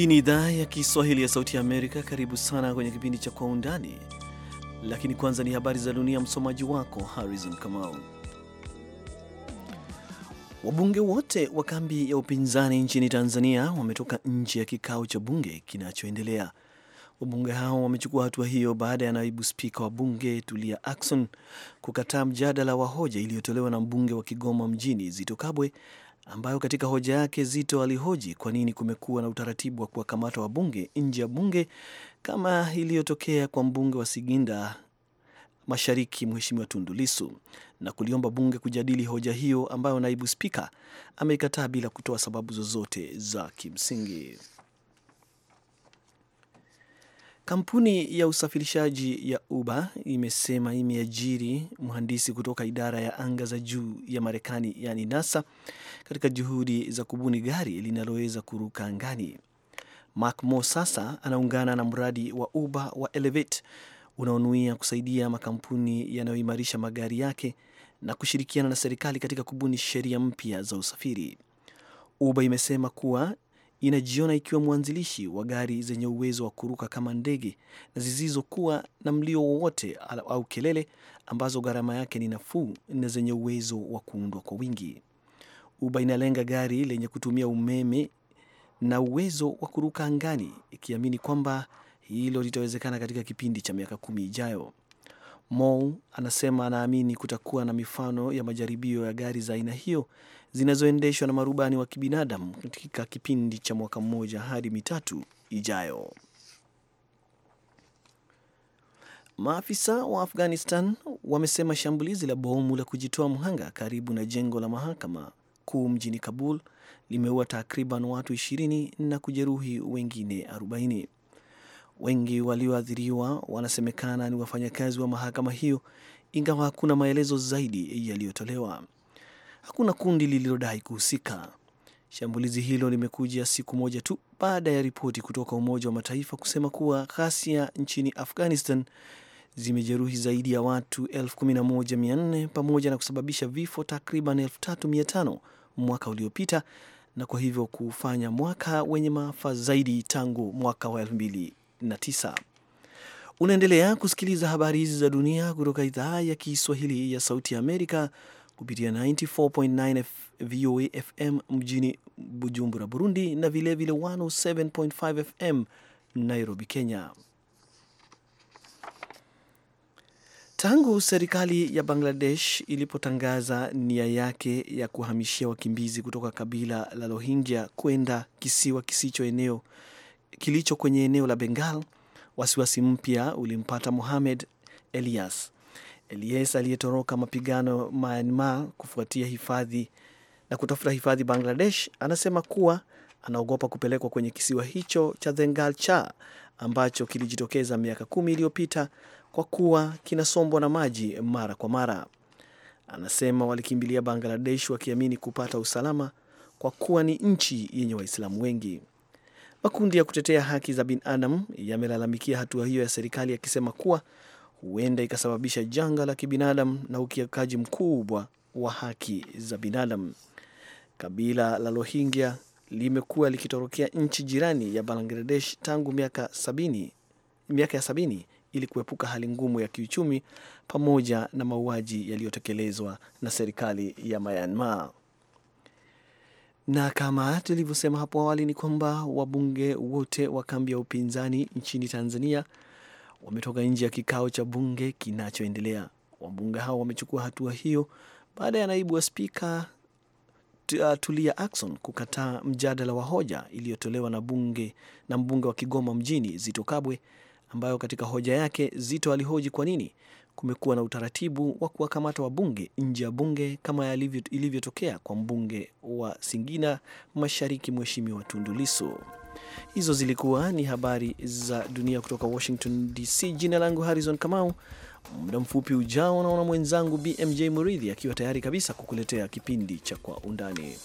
Hii ni idhaa ya Kiswahili ya Sauti ya Amerika. Karibu sana kwenye kipindi cha Kwa Undani, lakini kwanza ni habari za dunia. Msomaji wako Harrison Kamau. Wabunge wote wa kambi ya upinzani nchini Tanzania wametoka nje ya kikao cha bunge kinachoendelea. Wabunge hao wamechukua hatua hiyo baada ya naibu spika wa bunge Tulia Ackson kukataa mjadala wa hoja iliyotolewa na mbunge wa Kigoma mjini Zito Kabwe ambayo katika hoja yake Zito alihoji kwa nini kumekuwa na utaratibu wa kuwakamata wabunge nje ya bunge kama iliyotokea kwa mbunge wa Siginda Mashariki, Mheshimiwa Tundu Lissu, na kuliomba bunge kujadili hoja hiyo ambayo naibu spika ameikataa bila kutoa sababu zozote za kimsingi. Kampuni ya usafirishaji ya Uber imesema imeajiri mhandisi kutoka idara ya anga za juu ya Marekani, yani NASA, katika juhudi za kubuni gari linaloweza kuruka angani. Mark sasa anaungana na mradi wa Uber wa Elevate unaonuia kusaidia makampuni yanayoimarisha magari yake na kushirikiana na serikali katika kubuni sheria mpya za usafiri. Uber imesema kuwa inajiona ikiwa mwanzilishi wa gari zenye uwezo wa kuruka kama ndege na zisizokuwa na mlio wowote au kelele, ambazo gharama yake ni nafuu na zenye uwezo wa kuundwa kwa wingi. Uba inalenga gari lenye kutumia umeme na uwezo wa kuruka angani, ikiamini kwamba hilo litawezekana katika kipindi cha miaka kumi ijayo. mou anasema anaamini kutakuwa na mifano ya majaribio ya gari za aina hiyo zinazoendeshwa na marubani wa kibinadamu katika kipindi cha mwaka mmoja hadi mitatu ijayo. Maafisa wa Afghanistan wamesema shambulizi la bomu la kujitoa mhanga karibu na jengo la mahakama kuu mjini Kabul limeua takriban watu ishirini na kujeruhi wengine 40. Wengi walioathiriwa wanasemekana ni wafanyakazi wa mahakama hiyo, ingawa hakuna maelezo zaidi yaliyotolewa. Hakuna kundi lililodai kuhusika. Shambulizi hilo limekuja siku moja tu baada ya ripoti kutoka Umoja wa Mataifa kusema kuwa ghasia nchini Afghanistan zimejeruhi zaidi ya watu 11,400 pamoja na kusababisha vifo takriban 3,500 mwaka uliopita na kwa hivyo kufanya mwaka wenye maafa zaidi tangu mwaka wa 2009. Unaendelea kusikiliza habari hizi za dunia kutoka idhaa ya Kiswahili ya Sauti ya Amerika kupitia 94.9 VOA FM mjini Bujumbura, Burundi na vilevile 107.5 FM Nairobi, Kenya. Tangu serikali ya Bangladesh ilipotangaza nia yake ya kuhamishia wakimbizi kutoka kabila la Rohingya kwenda kisiwa kisicho eneo kilicho kwenye eneo la Bengal, wasiwasi mpya ulimpata Mohamed Elias Elias aliyetoroka mapigano Myanmar kufuatia hifadhi na kutafuta hifadhi Bangladesh. Anasema kuwa anaogopa kupelekwa kwenye kisiwa hicho cha Thengalcha ambacho kilijitokeza miaka kumi iliyopita kwa kuwa kinasombwa na maji mara kwa mara. Anasema walikimbilia Bangladesh wakiamini kupata usalama kwa kuwa ni nchi yenye Waislamu wengi. Makundi ya kutetea haki za binadamu yamelalamikia hatua hiyo ya serikali yakisema kuwa huenda ikasababisha janga la kibinadamu na ukiukaji mkubwa wa haki za binadamu. Kabila la Rohingya limekuwa likitorokea nchi jirani ya Bangladesh tangu miaka sabini, miaka ya sabini ili kuepuka hali ngumu ya kiuchumi pamoja na mauaji yaliyotekelezwa na serikali ya Myanmar. Na kama tulivyosema hapo awali ni kwamba wabunge wote wa kambi ya upinzani nchini Tanzania wametoka nje ya kikao cha bunge kinachoendelea. Wabunge hao wamechukua hatua hiyo baada ya naibu wa spika uh, Tulia Ackson kukataa mjadala wa hoja iliyotolewa na bunge na mbunge wa Kigoma mjini Zito Kabwe ambayo katika hoja yake Zito alihoji kwa nini kumekuwa na utaratibu wa kuwakamata wabunge nje ya bunge kama ilivyotokea kwa mbunge wa Singina Mashariki, Mheshimiwa Tundu Lissu. Hizo zilikuwa ni habari za dunia kutoka Washington DC. Jina langu Harrison Kamau. Muda mfupi ujao, naona mwenzangu BMJ Muridhi akiwa tayari kabisa kukuletea kipindi cha Kwa Undani.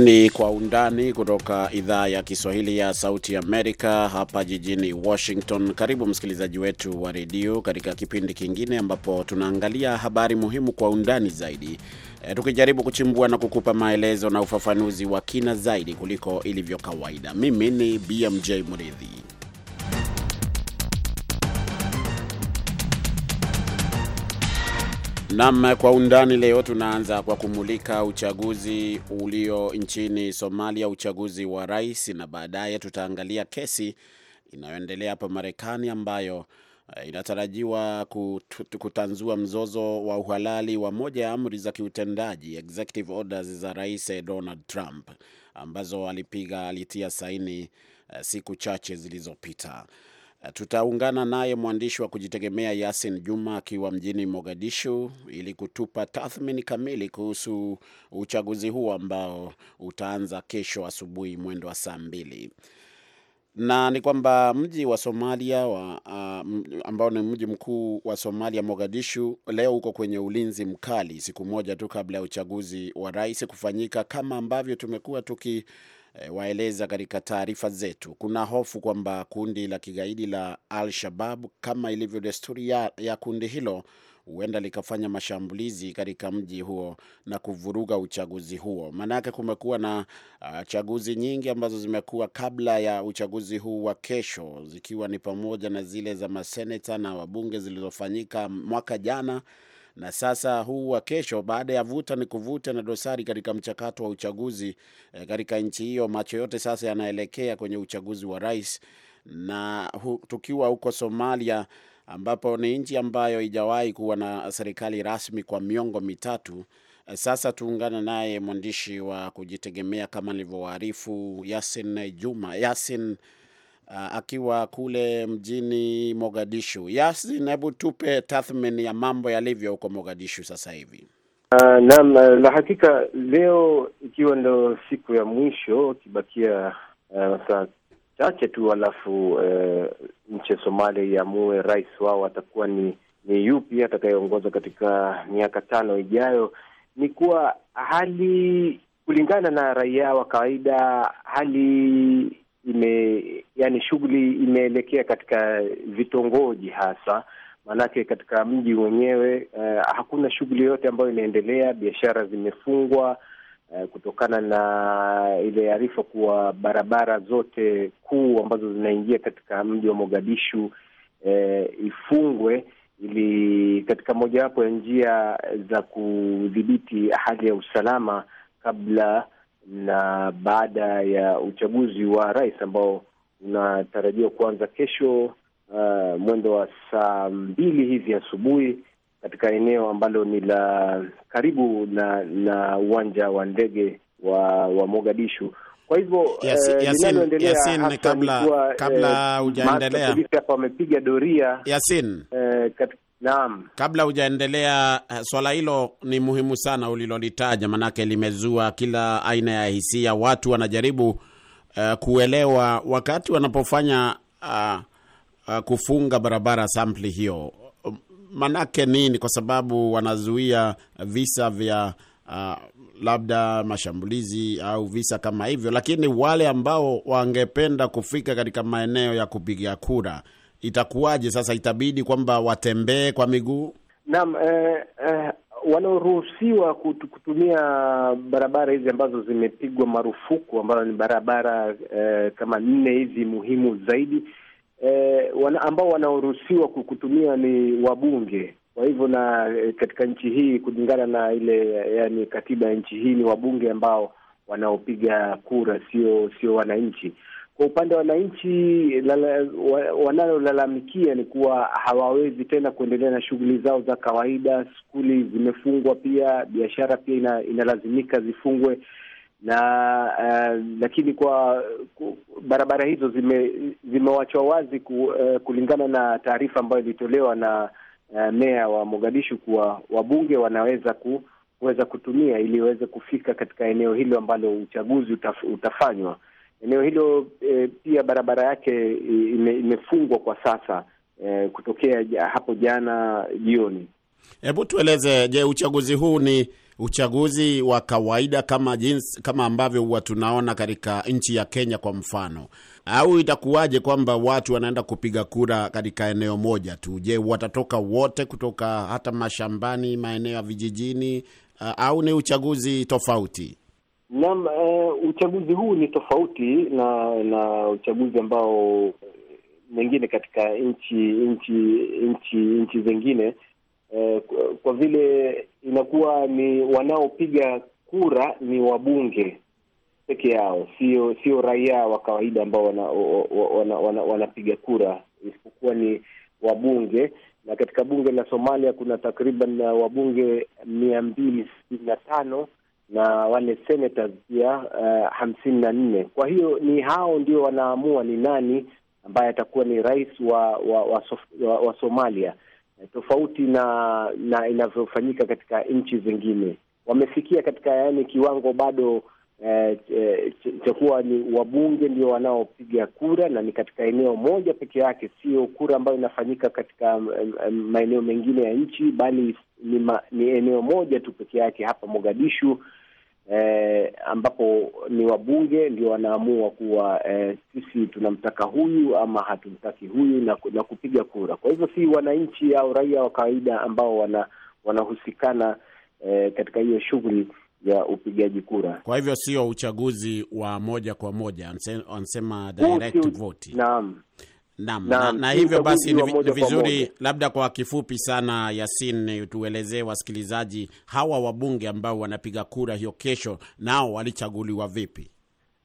ni Kwa Undani kutoka idhaa ya Kiswahili ya Sauti Amerika hapa jijini Washington. Karibu msikilizaji wetu wa redio katika kipindi kingine ambapo tunaangalia habari muhimu kwa undani zaidi, e, tukijaribu kuchimbua na kukupa maelezo na ufafanuzi wa kina zaidi kuliko ilivyo kawaida. Mimi ni BMJ Mridhi. Nam kwa undani leo tunaanza kwa kumulika uchaguzi ulio nchini Somalia, uchaguzi wa rais, na baadaye tutaangalia kesi inayoendelea hapa Marekani ambayo eh, inatarajiwa kutanzua mzozo wa uhalali wa moja ya amri za kiutendaji executive orders za Rais eh, Donald Trump ambazo alipiga alitia saini eh, siku chache zilizopita. Tutaungana naye mwandishi wa kujitegemea Yasin Juma akiwa mjini Mogadishu ili kutupa tathmini kamili kuhusu uchaguzi huu ambao utaanza kesho asubuhi mwendo wa saa mbili na ni kwamba mji wa Somalia wa, uh, ambao ni mji mkuu wa Somalia Mogadishu, leo uko kwenye ulinzi mkali, siku moja tu kabla ya uchaguzi wa rais kufanyika, kama ambavyo tumekuwa tuki Eh, waeleza katika taarifa zetu, kuna hofu kwamba kundi la kigaidi la Al-Shabab kama ilivyo desturi ya, ya kundi hilo huenda likafanya mashambulizi katika mji huo na kuvuruga uchaguzi huo. Maanake kumekuwa na uh, chaguzi nyingi ambazo zimekuwa kabla ya uchaguzi huu wa kesho, zikiwa ni pamoja na zile za maseneta na wabunge zilizofanyika mwaka jana na sasa huu wa kesho, baada ya vuta ni kuvuta na dosari katika mchakato wa uchaguzi e, katika nchi hiyo, macho yote sasa yanaelekea kwenye uchaguzi wa rais na hu, tukiwa huko Somalia ambapo ni nchi ambayo ijawahi kuwa na serikali rasmi kwa miongo mitatu eh, sasa. Tuungana naye mwandishi wa kujitegemea kama nilivyowaarifu Yasin Juma. Yasin, Uh, akiwa kule mjini Mogadishu. Yasin, hebu tupe tathmini ya mambo yalivyo huko Mogadishu sasa hivi. Uh, naam, la hakika leo ikiwa ndo siku ya mwisho ikibakia uh, saa chache tu, alafu uh, nchi ya Somalia iamue rais wao atakuwa ni ni yupi atakayeongoza katika miaka tano ijayo. Ni kuwa hali kulingana na raia wa kawaida, hali ime yani shughuli imeelekea katika vitongoji hasa, maanake katika mji wenyewe uh, hakuna shughuli yoyote ambayo inaendelea. Biashara zimefungwa uh, kutokana na ile arifa kuwa barabara zote kuu ambazo zinaingia katika mji wa Mogadishu uh, ifungwe ili katika mojawapo ya njia za kudhibiti hali ya usalama kabla na baada ya uchaguzi wa rais ambao unatarajiwa kuanza kesho uh, mwendo wa saa mbili hivi asubuhi katika eneo ambalo ni la karibu na na uwanja wa ndege wa wa Mogadishu. Kwa hivyo uh, kabla uh, hujaendelea, hapa wamepiga doria Yasin, uh, katika Naam. Kabla hujaendelea, eh, swala hilo ni muhimu sana ulilolitaja, manake limezua kila aina ya hisia. Watu wanajaribu uh, kuelewa wakati wanapofanya uh, uh, kufunga barabara sampli hiyo manake nini? Kwa sababu wanazuia visa vya uh, labda mashambulizi au visa kama hivyo, lakini wale ambao wangependa kufika katika maeneo ya kupiga kura itakuwaje sasa? Itabidi kwamba watembee kwa miguu? Naam, eh, eh, wanaoruhusiwa kutumia barabara hizi ambazo zimepigwa marufuku ambazo ni barabara eh, kama nne hizi muhimu zaidi eh, wana, ambao wanaoruhusiwa kutumia ni wabunge kwa hivyo na eh, katika nchi hii kulingana na ile yani katiba ya nchi hii ni wabunge ambao wanaopiga kura, sio sio wananchi. Kwa upande wa wananchi, wanalolalamikia ni kuwa hawawezi tena kuendelea na shughuli zao za kawaida. Skuli zimefungwa, pia biashara pia ina, inalazimika zifungwe na uh, lakini kwa ku, barabara hizo zime, zimewachwa wazi ku, uh, kulingana na taarifa ambayo ilitolewa na uh, meya wa Mogadishu kuwa wabunge wanaweza ku, kuweza kutumia ili waweze kufika katika eneo hilo ambalo uchaguzi utaf, utafanywa. Eneo hilo e, pia barabara yake ime, imefungwa kwa sasa e, kutokea hapo jana jioni. Hebu tueleze, je, uchaguzi huu ni uchaguzi wa kawaida kama jinsi kama ambavyo huwa tunaona katika nchi ya Kenya kwa mfano, au itakuwaje kwamba watu wanaenda kupiga kura katika eneo moja tu? Je, watatoka wote kutoka hata mashambani, maeneo ya vijijini, au ni uchaguzi tofauti? Naam, e, uchaguzi huu ni tofauti na na uchaguzi ambao eh, mengine katika nchi nchi nchi nchi zingine e, eh, kwa, kwa vile inakuwa ni wanaopiga kura ni wabunge peke yao, sio sio raia wa kawaida ambao wanapiga wana, wana, wana kura, isipokuwa ni wabunge. Na katika bunge la Somalia kuna takriban wabunge mia mbili sitini na tano na wale senators pia uh, eh, hamsini na nne. Kwa hiyo ni hao ndio wanaamua ni nani ambaye atakuwa ni rais wa wa, wa, wa, wa Somalia, eh, tofauti na na inavyofanyika katika nchi zingine. Wamefikia katika yani kiwango bado eh, eh, cha kuwa ni wabunge ndio wanaopiga kura na ni katika eneo moja peke yake, sio kura ambayo inafanyika katika maeneo mengine ya nchi, bali ni, ma, ni eneo moja tu peke yake hapa Mogadishu eh, ambapo ni wabunge ndio wanaamua kuwa eh, sisi tunamtaka huyu ama hatumtaki huyu na, na kupiga kura. Kwa hivyo si wananchi au raia wa kawaida ambao wana, wanahusikana eh, katika hiyo shughuli ya upigaji kura. Kwa hivyo sio uchaguzi wa moja kwa moja, wanasema direct vote. Naam. Naam, na, na hivyo basi ni vizuri, labda kwa kifupi sana, Yasin, tuelezee wasikilizaji hawa wabunge ambao wanapiga kura hiyo kesho, nao walichaguliwa vipi?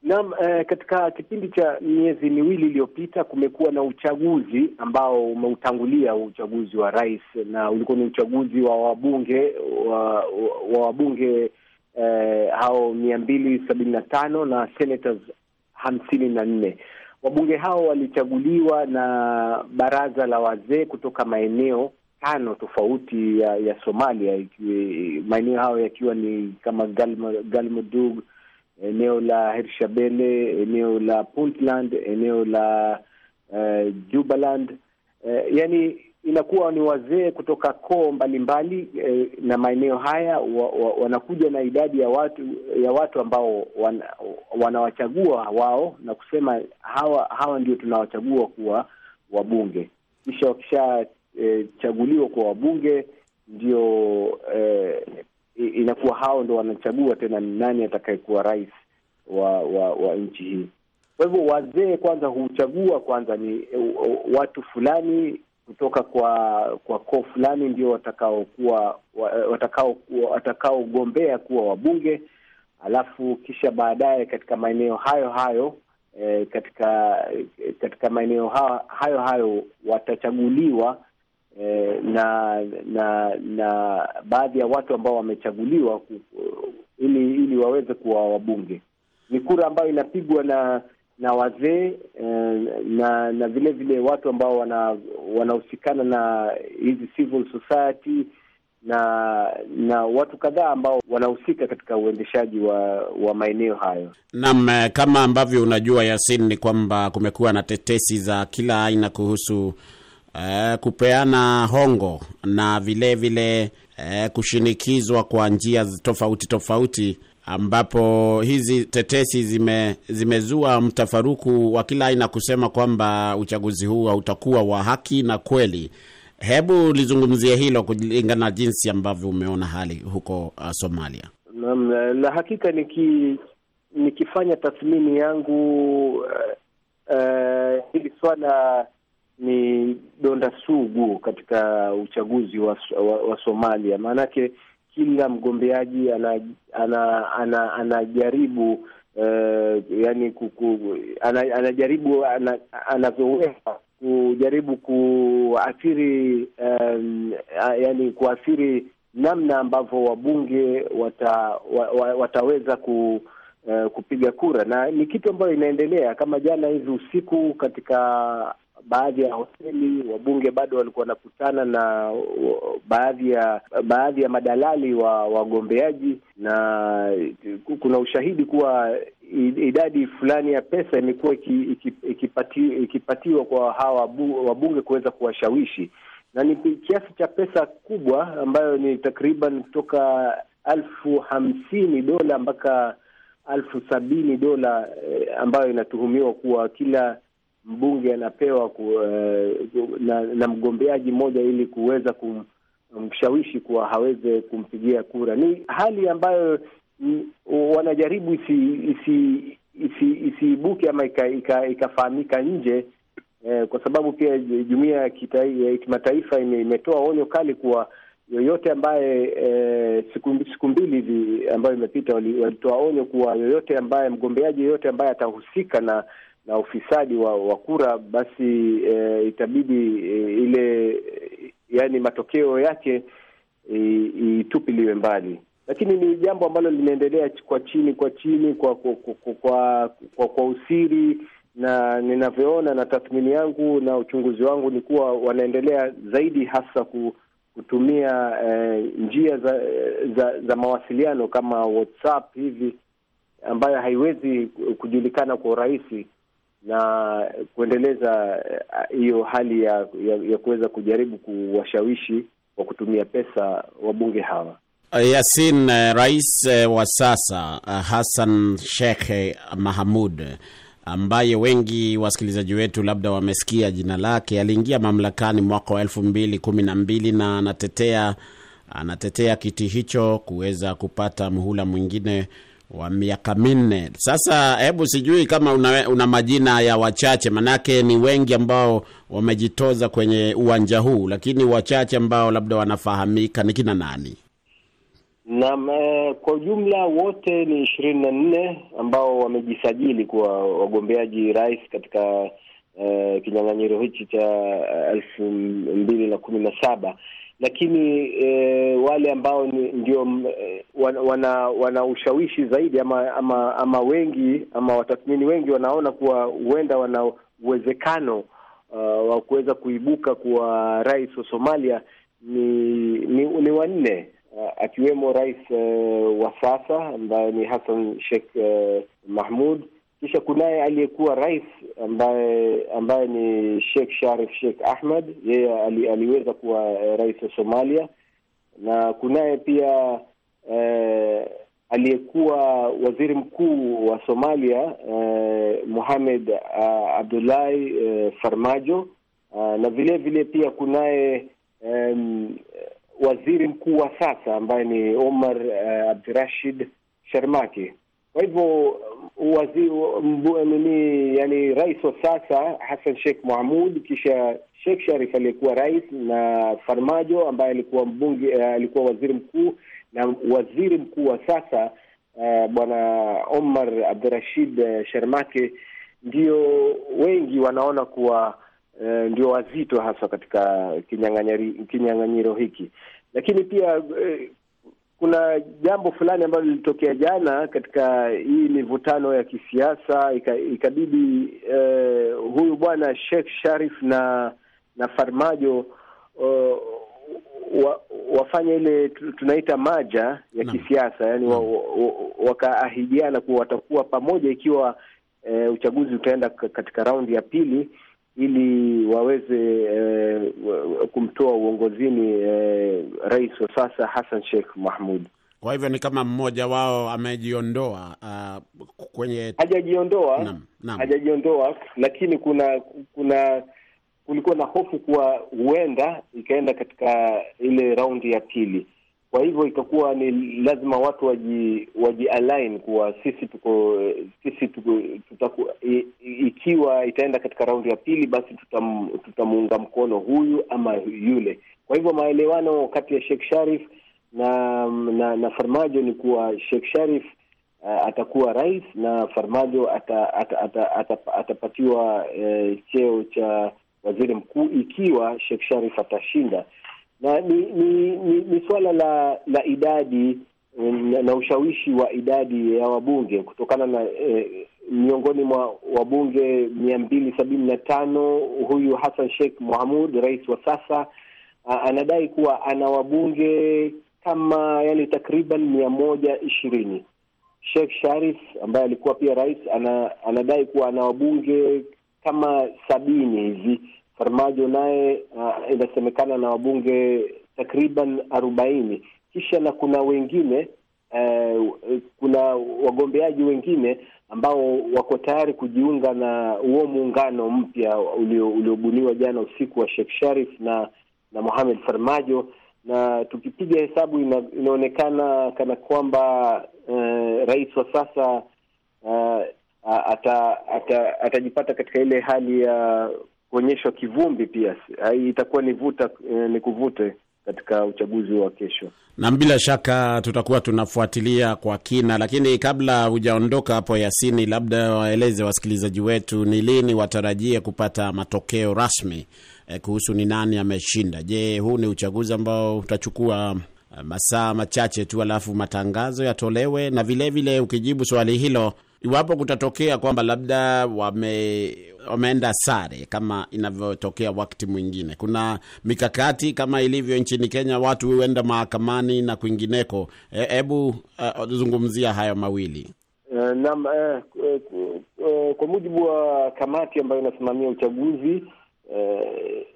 Naam, eh, katika kipindi cha miezi miwili iliyopita kumekuwa na uchaguzi ambao umeutangulia uchaguzi wa rais, na ulikuwa ni uchaguzi wa wabunge wa, wa wabunge eh, hao mia mbili sabini na tano na senators hamsini na nne Wabunge hao walichaguliwa na baraza la wazee kutoka maeneo tano tofauti ya, ya Somalia, maeneo hayo yakiwa ni kama Galmudug, eneo la hershabele eneo la Puntland, eneo la uh, Jubaland uh, yani inakuwa ni wazee kutoka koo mbalimbali e, na maeneo haya wa, wa, wanakuja na idadi ya watu ya watu ambao wanawachagua wanawachagua wao na kusema hawa hawa ndio tunawachagua kuwa wabunge. Kisha wakishachaguliwa e, kuwa wabunge ndio e, inakuwa hao ndo wanachagua tena ni nani atakayekuwa rais wa wa, wa nchi hii. Kwa hivyo wazee kwanza huchagua kwanza ni e, watu fulani kutoka kwa kwa koo fulani ndio watakaokuwa watakao eh, watakaogombea kuwa wabunge, alafu kisha baadaye katika maeneo hayo hayo eh, katika katika maeneo hayo hayo, hayo watachaguliwa eh, na na na baadhi ya watu ambao wamechaguliwa ili ili waweze kuwa wabunge. Ni kura ambayo inapigwa na na wazee eh, na na vile vile watu ambao wanahusikana wana na hizi civil society na na watu kadhaa ambao wanahusika katika uendeshaji wa wa maeneo hayo. Naam, eh, kama ambavyo unajua Yasin, ni kwamba kumekuwa na tetesi za kila aina kuhusu eh, kupeana hongo na vile vile eh, kushinikizwa kwa njia tofauti tofauti ambapo hizi tetesi zime, zimezua mtafaruku wa kila aina kusema kwamba uchaguzi huu hautakuwa wa haki na kweli. Hebu lizungumzie hilo kulingana na jinsi ambavyo umeona hali huko uh, Somalia. na, na hakika niki, nikifanya tathmini yangu uh, uh, hili swala ni donda sugu katika uchaguzi wa, wa, wa Somalia maanake kila mgombeaji anajaribu ana, ana, ana, eh, ana uh, yani anajaribu ana, anavyoweza ana kujaribu kuathiri um, yani kuathiri namna ambavyo wabunge wata, wa, wa, wataweza ku Uh, kupiga kura na ni kitu ambayo inaendelea kama jana hivi usiku katika baadhi ya hoteli, wabunge bado walikuwa wanakutana na baadhi ya baadhi ya madalali wa wagombeaji, na kuna ushahidi kuwa idadi fulani ya pesa imekuwa ikipati, ikipatiwa kwa hawa wabunge kuweza kuwashawishi, na ni kiasi cha pesa kubwa ambayo ni takriban kutoka elfu hamsini dola mpaka elfu sabini dola eh, ambayo inatuhumiwa kuwa kila mbunge anapewa ku, uh, na, na mgombeaji mmoja ili kuweza kumshawishi kuwa haweze kumpigia kura. Ni hali ambayo m, wanajaribu isiibuke isi, isi, isi ama ikafahamika nje eh, kwa sababu pia jumuiya ya kimataifa imetoa onyo kali kuwa yoyote ambaye eh, siku, siku mbili hivi ambayo imepita walitoa onyo kuwa yoyote ambaye mgombeaji yoyote ambaye atahusika na na ufisadi wa, wa kura basi e, itabidi e, ile yani matokeo yake itupiliwe e, mbali, lakini ni jambo ambalo linaendelea kwa chini kwa chini kwa kwa kwa, kwa, kwa, kwa usiri na ninavyoona na tathmini yangu na uchunguzi wangu ni kuwa wanaendelea zaidi hasa ku, kutumia eh, njia za, za za mawasiliano kama WhatsApp hivi ambayo haiwezi kujulikana kwa urahisi na kuendeleza eh, hiyo uh, hali ya, ya, ya kuweza kujaribu kuwashawishi wa kutumia pesa wabunge hawa. Yasin, eh, rais eh, wa sasa Hassan Sheikh Mahamud ambaye wengi wasikilizaji wetu labda wamesikia jina lake, aliingia mamlakani mwaka wa elfu mbili kumi na mbili na anatetea anatetea kiti hicho kuweza kupata muhula mwingine wa miaka minne sasa. Hebu sijui kama una, una majina ya wachache, manake ni wengi ambao wamejitoza kwenye uwanja huu, lakini wachache ambao labda wanafahamika ni kina nani? Naam, eh, kwa ujumla wote ni ishirini na nne ambao wamejisajili kuwa wagombeaji rais katika uh, kinyang'anyiro hichi cha eh, elfu mbili na kumi na saba lakini e, wale ambao ni, ndio e, wana wana ushawishi zaidi ama ama ama wengi ama watathmini wengi wanaona kuwa huenda wana uwezekano uh, wa kuweza kuibuka kuwa rais wa Somalia ni ni, ni wanne uh, akiwemo rais uh, wa sasa ambaye ni Hassan Sheikh uh, Mahmud kisha kunaye aliyekuwa rais ambaye ambaye ni Sheikh Sharif Sheikh Ahmed, yeye ali, aliweza kuwa eh, rais wa Somalia, na kunaye pia eh, aliyekuwa waziri mkuu wa Somalia eh, Mohamed ah, Abdullahi eh, Farmajo ah, na vile vile pia kunaye eh, waziri mkuu wa sasa ambaye ni Omar eh, Abdirashid Sharmaki. Kwa hivyo um, waziri um, um, nini, yani rais wa sasa Hassan Sheikh Mahmud, kisha Sheikh Sharif aliyekuwa rais na Farmajo ambaye alikuwa mbunge, eh, alikuwa waziri mkuu na waziri mkuu wa sasa uh, bwana Omar Abdurashid eh, shermake ndio wengi wanaona kuwa uh, ndio wazito haswa katika kinyang'anyiro hiki, lakini pia uh, kuna jambo fulani ambalo lilitokea jana katika hii mivutano ya kisiasa ika, ikabidi eh, huyu bwana Sheikh Sharif na na Farmajo uh, wa, wafanya ile tunaita maja ya kisiasa yani wa, wa, wakaahidiana kuwa watakuwa pamoja ikiwa eh, uchaguzi utaenda katika raundi ya pili ili waweze eh, kumtoa uongozini eh, rais wa sasa Hassan Sheikh Mahmud. Kwa hivyo ni kama mmoja wao amejiondoa uh, kwenye hajajiondoa, hajajiondoa, lakini kuna kuna kulikuwa na hofu kuwa huenda ikaenda katika ile raundi ya pili kwa hivyo itakuwa ni lazima watu waji, waji align kuwa sisi tuko sisi tuko, tutaku, ikiwa itaenda katika raundi ya pili basi tutam, tutamuunga mkono huyu ama yule. Kwa hivyo maelewano kati ya Sheikh Sharif na na, na Farmajo ni kuwa Sheikh Sharif uh, atakuwa rais na Farmajo atapatiwa ata, ata, ata, ata, uh, cheo cha waziri mkuu ikiwa Sheikh Sharif atashinda na ni ni, ni, ni suala la la idadi na, um, na ushawishi wa idadi ya wabunge kutokana na eh, miongoni mwa wabunge mia mbili sabini na tano huyu Hassan Sheikh Mohamud, rais wa sasa, anadai kuwa ana wabunge kama yani takriban mia moja ishirini. Sheikh Sharif ambaye alikuwa pia rais ana, anadai kuwa ana wabunge kama sabini hivi Farmajo naye uh, inasemekana na wabunge takriban arobaini. Kisha na kuna wengine uh, kuna wagombeaji wengine ambao wako tayari kujiunga na huo muungano mpya uliobuniwa jana usiku wa Sheikh Sharif na na Mohamed Farmajo, na tukipiga hesabu ina, inaonekana kana kwamba uh, rais wa sasa uh, ata, ata, atajipata katika ile hali ya uh, kuonyeshwa kivumbi pia itakuwa ni vuta eh, ni kuvute katika uchaguzi wa kesho, nam bila shaka tutakuwa tunafuatilia kwa kina. Lakini kabla hujaondoka hapo, Yasini, labda waeleze wasikilizaji wetu ni lini watarajie kupata matokeo rasmi eh, kuhusu ni nani ameshinda. Je, huu ni uchaguzi ambao utachukua eh, masaa machache tu, alafu matangazo yatolewe? Na vilevile vile, ukijibu swali hilo iwapo kutatokea kwamba labda wame, wameenda sare kama inavyotokea wakati mwingine, kuna mikakati kama ilivyo nchini Kenya, watu huenda mahakamani na kwingineko. Hebu e, uh, zungumzia hayo mawili. Eh, Naam, eh, eh, eh, kwa mujibu wa kamati ambayo inasimamia uchaguzi eh,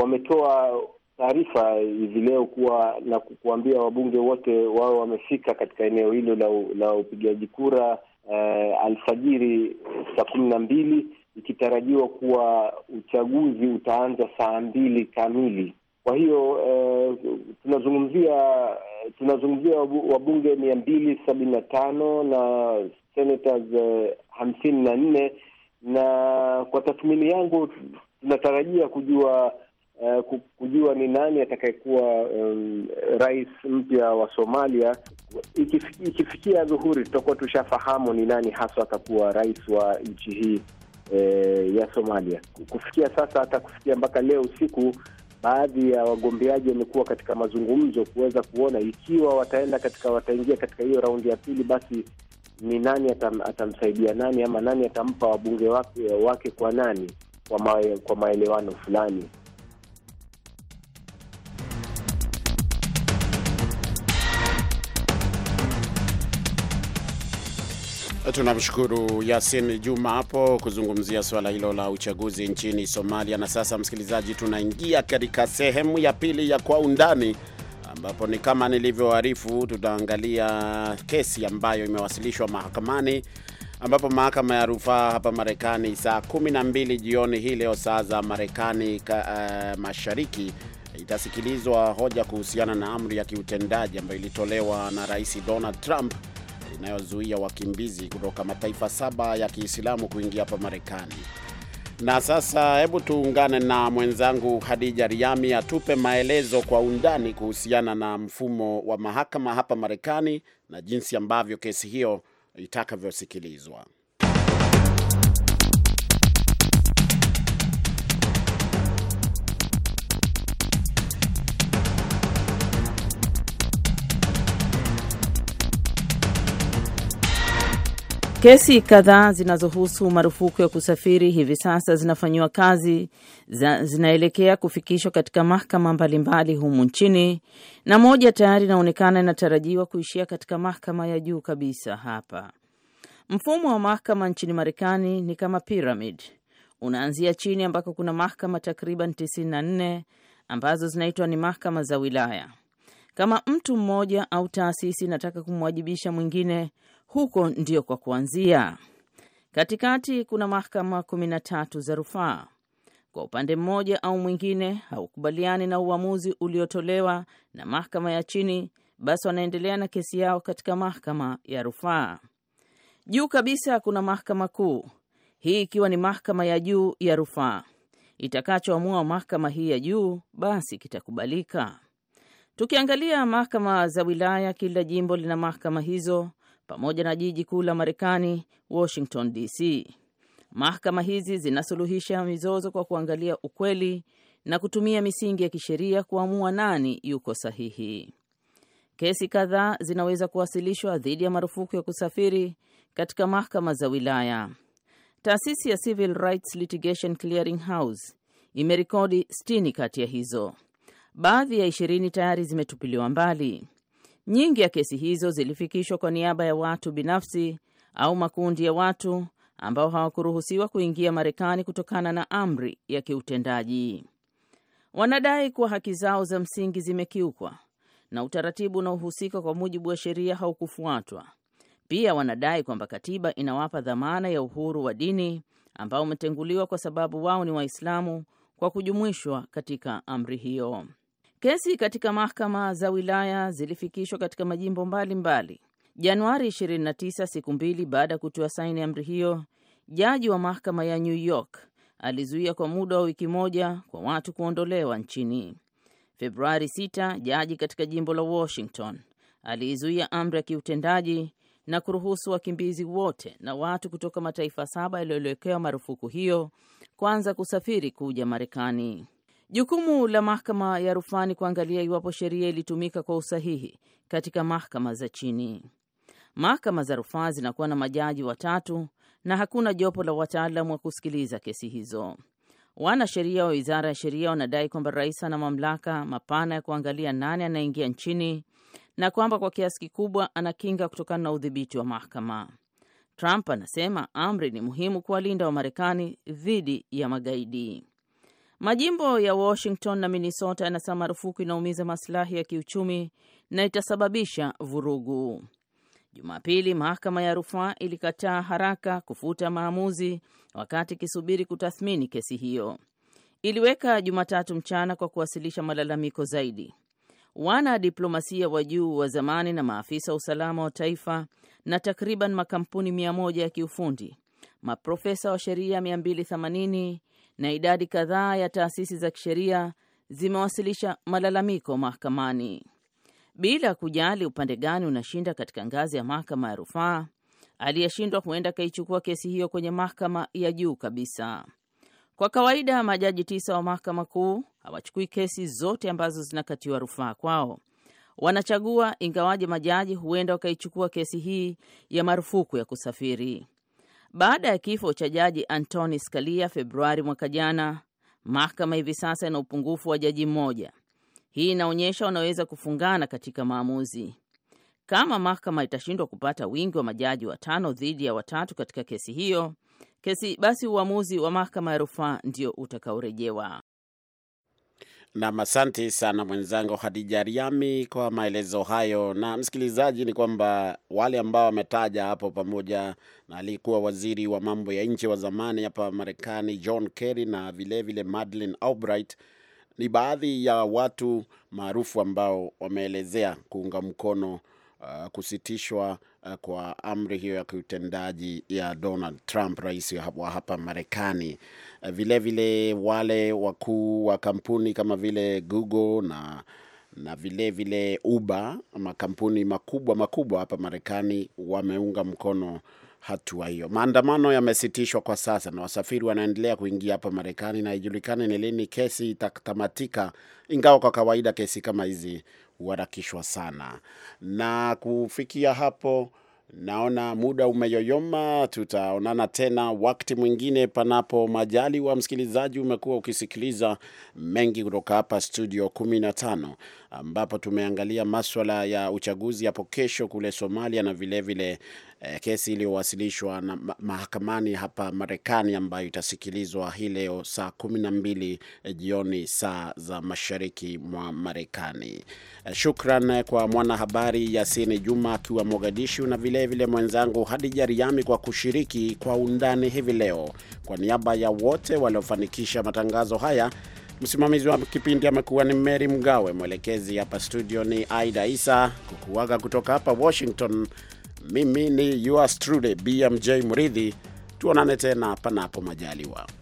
wametoa taarifa hivi leo kuwa na kuambia wabunge wote wao wamefika katika eneo hilo la, la upigaji kura eh, alfajiri saa kumi na mbili ikitarajiwa kuwa uchaguzi utaanza saa mbili kamili. Kwa hiyo eh, tunazungumzia tunazungumzia wabunge mia mbili sabini na tano na senators eh, hamsini na nne na kwa tathmini yangu tunatarajia kujua uh, kujua ni nani atakayekuwa um, rais mpya wa Somalia. ikifikia dhuhuri tutakuwa tushafahamu ni nani haswa atakuwa rais wa nchi hii eh, ya Somalia. Kufikia sasa, hata kufikia mpaka leo usiku, baadhi ya wagombeaji wamekuwa katika mazungumzo kuweza kuona ikiwa wataenda katika wataingia katika hiyo raundi ya pili, basi ni nani atam, atamsaidia nani ama nani atampa wabunge wake, wake kwa nani kwa, ma, kwa maelewano fulani. Tunamshukuru Yasin Juma hapo kuzungumzia swala hilo la uchaguzi nchini Somalia. Na sasa, msikilizaji, tunaingia katika sehemu ya pili ya Kwa Undani, ambapo ni kama nilivyoarifu, tutaangalia kesi ambayo imewasilishwa mahakamani, ambapo mahakama ya rufaa hapa Marekani saa 12 jioni hii leo saa za Marekani uh, mashariki itasikilizwa hoja kuhusiana na amri ya kiutendaji ambayo ilitolewa na Rais Donald Trump inayozuia wakimbizi kutoka mataifa saba ya Kiislamu kuingia hapa Marekani. Na sasa hebu tuungane na mwenzangu Hadija Riami atupe maelezo kwa undani kuhusiana na mfumo wa mahakama hapa Marekani na jinsi ambavyo kesi hiyo itakavyosikilizwa. Kesi kadhaa zinazohusu marufuku ya kusafiri hivi sasa zinafanyiwa kazi za, zinaelekea kufikishwa katika mahakama mbalimbali humu nchini na moja tayari inaonekana inatarajiwa kuishia katika mahakama ya juu kabisa hapa. Mfumo wa mahakama nchini Marekani ni kama piramid. Unaanzia chini ambako kuna mahakama takriban 94 ambazo zinaitwa ni mahakama za wilaya. Kama mtu mmoja au taasisi inataka kumwajibisha mwingine huko ndio kwa kuanzia. Katikati kuna mahakama kumi na tatu za rufaa. Kwa upande mmoja au mwingine haukubaliani na uamuzi uliotolewa na mahakama ya chini, basi wanaendelea na kesi yao katika mahakama ya rufaa. Juu kabisa kuna mahakama kuu, hii ikiwa ni mahakama ya juu ya rufaa. Itakachoamua mahakama hii ya juu basi kitakubalika. Tukiangalia mahakama za wilaya, kila jimbo lina mahakama hizo pamoja na jiji kuu la Marekani, Washington DC. Mahakama hizi zinasuluhisha mizozo kwa kuangalia ukweli na kutumia misingi ya kisheria kuamua nani yuko sahihi. Kesi kadhaa zinaweza kuwasilishwa dhidi ya marufuku ya kusafiri katika mahakama za wilaya. Taasisi ya Civil Rights Litigation Clearing House imerekodi sitini kati ya hizo. Baadhi ya ishirini tayari zimetupiliwa mbali. Nyingi ya kesi hizo zilifikishwa kwa niaba ya watu binafsi au makundi ya watu ambao hawakuruhusiwa kuingia Marekani kutokana na amri ya kiutendaji. Wanadai kuwa haki zao za msingi zimekiukwa na utaratibu unaohusika kwa mujibu wa sheria haukufuatwa. Pia wanadai kwamba katiba inawapa dhamana ya uhuru wa dini ambao umetenguliwa kwa sababu wao ni Waislamu kwa kujumuishwa katika amri hiyo. Kesi katika mahakama za wilaya zilifikishwa katika majimbo mbalimbali mbali. Januari 29, siku mbili baada ya kutoa saini amri hiyo, jaji wa mahakama ya New York alizuia kwa muda wa wiki moja kwa watu kuondolewa nchini. Februari 6, jaji katika jimbo la Washington aliizuia amri ya kiutendaji na kuruhusu wakimbizi wote na watu kutoka mataifa saba yaliyoelekewa marufuku hiyo kwanza kusafiri kuja Marekani. Jukumu la mahakama ya ni kuangalia iwapo sheria ilitumika kwa usahihi katika mahakama za chini. Mahakama za rufaa zinakuwa na majaji watatu na hakuna jopo la wataalamu wa kusikiliza kesi hizo. Wanasheria wa wizara ya sheria wanadai kwamba rais ana mamlaka mapana ya kuangalia nani anaingia nchini na kwamba kwa kiasi kikubwa anakinga kutokana na udhibiti wa mahakama. Trump anasema amri ni muhimu kuwalinda Wamarekani dhidi ya magaidi. Majimbo ya Washington na Minnesota yanasema marufuku inaumiza masilahi ya kiuchumi na itasababisha vurugu. Jumapili, mahakama ya rufaa ilikataa haraka kufuta maamuzi wakati ikisubiri kutathmini kesi hiyo. Iliweka Jumatatu mchana kwa kuwasilisha malalamiko zaidi. Wana diplomasia wa juu wa zamani na maafisa wa usalama wa taifa na takriban makampuni mia moja ya kiufundi, maprofesa wa sheria 280 na idadi kadhaa ya taasisi za kisheria zimewasilisha malalamiko mahakamani. Bila kujali upande gani unashinda katika ngazi ya mahakama ya rufaa, aliyeshindwa huenda akaichukua kesi hiyo kwenye mahakama ya juu kabisa. Kwa kawaida majaji tisa wa mahakama kuu hawachukui kesi zote ambazo zinakatiwa rufaa kwao, wanachagua, ingawaje majaji huenda wakaichukua kesi hii ya marufuku ya kusafiri. Baada ya kifo cha jaji antoni Scalia Februari mwaka jana, mahakama hivi sasa ina upungufu wa jaji mmoja. Hii inaonyesha wanaweza kufungana katika maamuzi. Kama mahakama itashindwa kupata wingi wa majaji watano dhidi ya watatu katika kesi hiyo kesi, basi uamuzi wa mahakama ya rufaa ndio utakaorejewa. Nam, asante sana mwenzangu Hadija Riami kwa maelezo hayo. Na msikilizaji, ni kwamba wale ambao wametaja hapo, pamoja na aliyekuwa waziri wa mambo ya nje wa zamani hapa Marekani John Kerry na vilevile Madeleine Albright ni baadhi ya watu maarufu ambao wameelezea kuunga mkono uh, kusitishwa uh, kwa amri hiyo ya kiutendaji ya Donald Trump, rais wa hapa Marekani vilevile eh, vile wale wakuu wa kampuni kama vile Google na na vile vile Uber, makampuni makubwa makubwa hapa Marekani wameunga mkono hatua hiyo. Maandamano yamesitishwa kwa sasa na wasafiri wanaendelea kuingia hapa Marekani, na haijulikani ni lini kesi itatamatika, ingawa kwa kawaida kesi kama hizi huharakishwa sana na kufikia hapo. Naona muda umeyoyoma, tutaonana tena wakati mwingine, panapo majali. Wa msikilizaji, umekuwa ukisikiliza mengi kutoka hapa studio 15 ambapo tumeangalia maswala ya uchaguzi hapo kesho kule Somalia na vilevile vile eh, kesi iliyowasilishwa na mahakamani hapa Marekani ambayo itasikilizwa hii leo saa kumi na mbili eh, jioni saa za mashariki mwa Marekani. Eh, shukran eh, kwa mwanahabari Yasini Juma akiwa Mogadishu na vilevile vile mwenzangu Hadija Riami kwa kushiriki kwa undani hivi leo. Kwa niaba ya wote waliofanikisha matangazo haya Msimamizi wa kipindi amekuwa ni Mary Mgawe, mwelekezi hapa studio ni Aida Isa. Kukuaga kutoka hapa Washington, mimi ni yours truly BMJ Muridhi, tuonane tena panapo majaliwa.